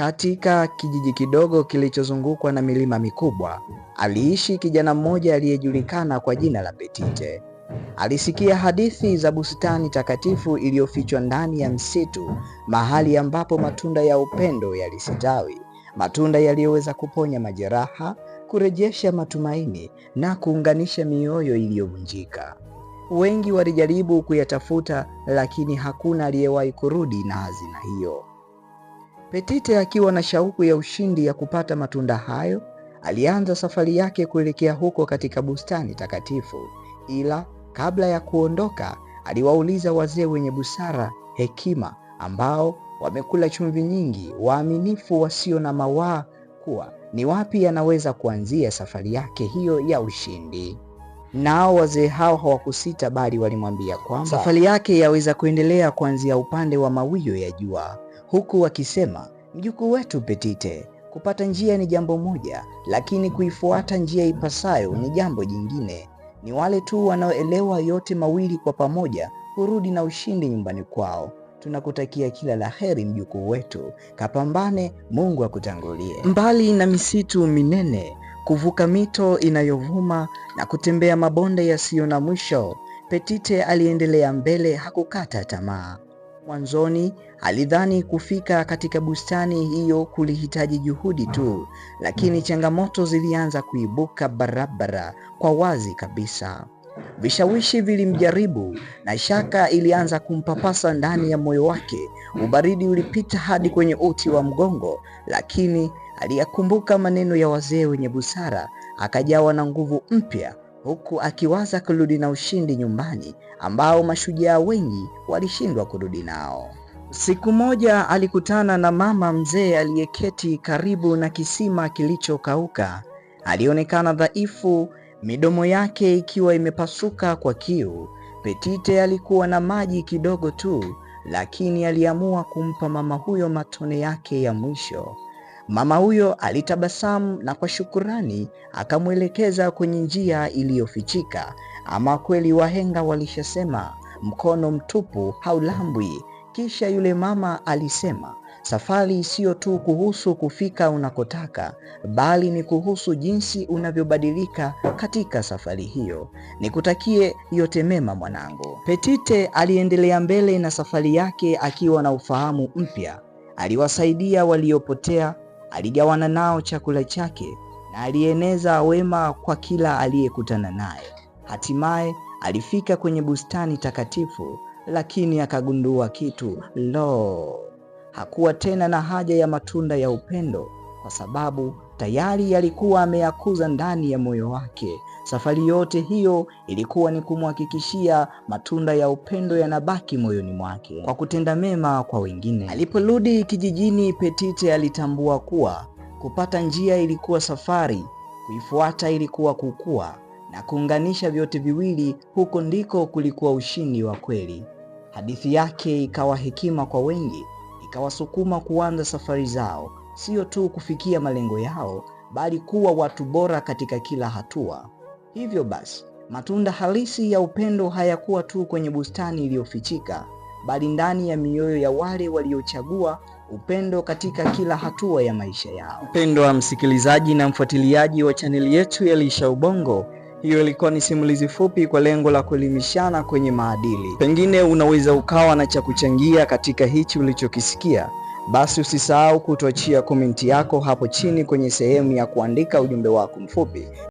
Katika kijiji kidogo kilichozungukwa na milima mikubwa, aliishi kijana mmoja aliyejulikana kwa jina la Petite. Alisikia hadithi za bustani takatifu iliyofichwa ndani ya msitu, mahali ambapo matunda ya upendo yalisitawi, matunda yaliyoweza kuponya majeraha, kurejesha matumaini na kuunganisha mioyo iliyovunjika. Wengi walijaribu kuyatafuta, lakini hakuna aliyewahi kurudi na hazina hiyo. Petite akiwa na shauku ya ushindi ya kupata matunda hayo, alianza safari yake kuelekea huko katika bustani takatifu. Ila kabla ya kuondoka, aliwauliza wazee wenye busara, hekima, ambao wamekula chumvi nyingi, waaminifu, wasio na mawaa, kuwa ni wapi anaweza kuanzia safari yake hiyo ya ushindi. Nao wazee hao hawakusita, bali walimwambia kwamba safari yake yaweza kuendelea kuanzia upande wa mawio ya jua huku wakisema, mjukuu wetu Petite, kupata njia ni jambo moja, lakini kuifuata njia ipasayo ni jambo jingine. Ni wale tu wanaoelewa yote mawili kwa pamoja hurudi na ushindi nyumbani kwao. Tunakutakia kila la heri mjukuu wetu, kapambane, Mungu akutangulie. Mbali na misitu minene, kuvuka mito inayovuma na kutembea mabonde yasiyo na mwisho, Petite aliendelea mbele, hakukata tamaa. Mwanzoni alidhani kufika katika bustani hiyo kulihitaji juhudi tu, lakini changamoto zilianza kuibuka barabara kwa wazi kabisa. Vishawishi vilimjaribu na shaka ilianza kumpapasa ndani ya moyo wake. Ubaridi ulipita hadi kwenye uti wa mgongo, lakini aliyakumbuka maneno ya wazee wenye busara, akajawa na nguvu mpya huku akiwaza kurudi na ushindi nyumbani ambao mashujaa wengi walishindwa kurudi nao. Siku moja alikutana na mama mzee aliyeketi karibu na kisima kilichokauka. Alionekana dhaifu, midomo yake ikiwa imepasuka kwa kiu. Petite alikuwa na maji kidogo tu, lakini aliamua kumpa mama huyo matone yake ya mwisho. Mama huyo alitabasamu na kwa shukurani akamwelekeza kwenye njia iliyofichika. Ama kweli wahenga walishasema mkono mtupu haulambwi. Kisha yule mama alisema safari sio tu kuhusu kufika unakotaka, bali ni kuhusu jinsi unavyobadilika katika safari hiyo. Nikutakie yote mema mwanangu. Petite aliendelea mbele na safari yake akiwa na ufahamu mpya. Aliwasaidia waliopotea, aligawana nao chakula chake na alieneza wema kwa kila aliyekutana naye. Hatimaye alifika kwenye bustani takatifu, lakini akagundua kitu. Lo, hakuwa tena na haja ya matunda ya upendo, kwa sababu tayari alikuwa ameyakuza ndani ya moyo wake. Safari yote hiyo ilikuwa ni kumhakikishia matunda ya upendo yanabaki moyoni mwake kwa kutenda mema kwa wengine. Aliporudi kijijini, Petite alitambua kuwa kupata njia ilikuwa safari, kuifuata ilikuwa kukua, na kuunganisha vyote viwili, huko ndiko kulikuwa ushindi wa kweli. Hadithi yake ikawa hekima kwa wengi, ikawasukuma kuanza safari zao, sio tu kufikia malengo yao, bali kuwa watu bora katika kila hatua. Hivyo basi, matunda halisi ya upendo hayakuwa tu kwenye bustani iliyofichika, bali ndani ya mioyo ya wale waliochagua upendo katika kila hatua ya maisha yao. Upendo wa msikilizaji na mfuatiliaji wa chaneli yetu ya Lisha Ubongo, hiyo ilikuwa ni simulizi fupi kwa lengo la kuelimishana kwenye maadili. Pengine unaweza ukawa na cha kuchangia katika hichi ulichokisikia, basi usisahau kutuachia komenti yako hapo chini kwenye sehemu ya kuandika ujumbe wako mfupi.